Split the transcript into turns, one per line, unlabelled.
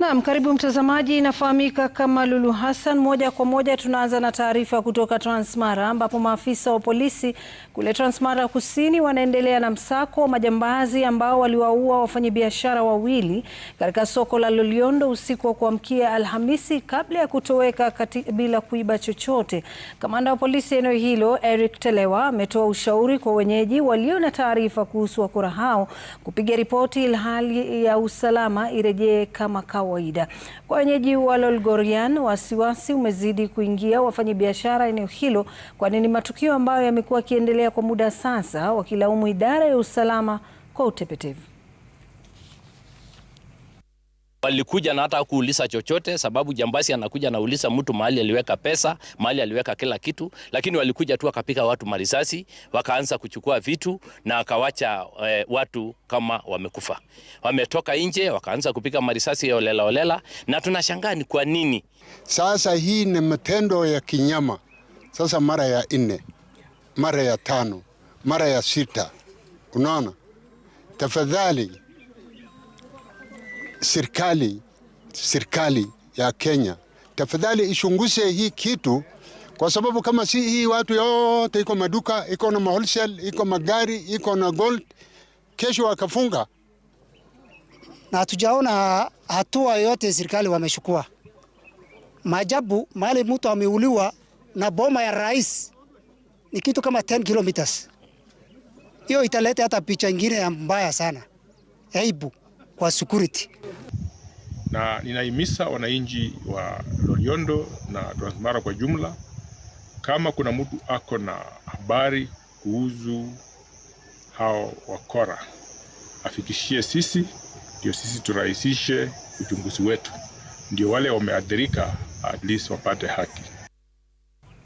Naam, karibu mtazamaji, inafahamika kama Lulu Hassan. Moja kwa moja tunaanza na taarifa kutoka Transmara ambapo maafisa wa polisi kule Transmara Kusini wanaendelea na msako wa majambazi ambao waliwaua wafanyabiashara wawili katika soko la Loliondo usiku wa kuamkia Alhamisi kabla ya kutoweka kati, bila kuiba chochote. Kamanda wa polisi eneo hilo Eric Telewa ametoa ushauri kwa wenyeji walio na taarifa kuhusu wakora hao kupiga ripoti ili hali ya usalama irejee kama kawa kawaida. Kwa wenyeji wa Lolgorian, wasiwasi umezidi kuingia wafanyabiashara eneo hilo, kwani ni matukio ambayo yamekuwa yakiendelea kwa muda sasa, wakilaumu idara ya usalama kwa utepetevu.
Walikuja na hata kuuliza chochote, sababu jambasi anakuja anauliza mtu mahali aliweka pesa, mahali aliweka kila kitu, lakini walikuja tu akapiga watu marisasi, wakaanza kuchukua vitu na akawacha e, eh, watu kama wamekufa. Wametoka nje wakaanza kupiga marisasi ya olela olela, na tunashangaa ni kwa nini
sasa. Hii ni matendo ya kinyama sasa, mara ya nne, mara ya tano, mara ya sita. Unaona, tafadhali serikali serikali ya Kenya tafadhali ichunguze hii kitu, kwa sababu kama si hii watu yote iko maduka iko na wholesale iko magari iko na gold, kesho wakafunga,
na hatujaona hatua yote serikali wameshukua. Majabu mahali mtu ameuliwa na boma ya rais ni kitu kama 10 kilometers. Hiyo italeta hata picha ingine mbaya sana, aibu kwa security
na ninahimiza wananchi wa Loliondo na Transmara kwa jumla, kama kuna mtu ako na habari kuhusu hao wakora afikishie sisi, ndio sisi turahisishe uchunguzi wetu, ndio wale wameathirika at least wapate haki.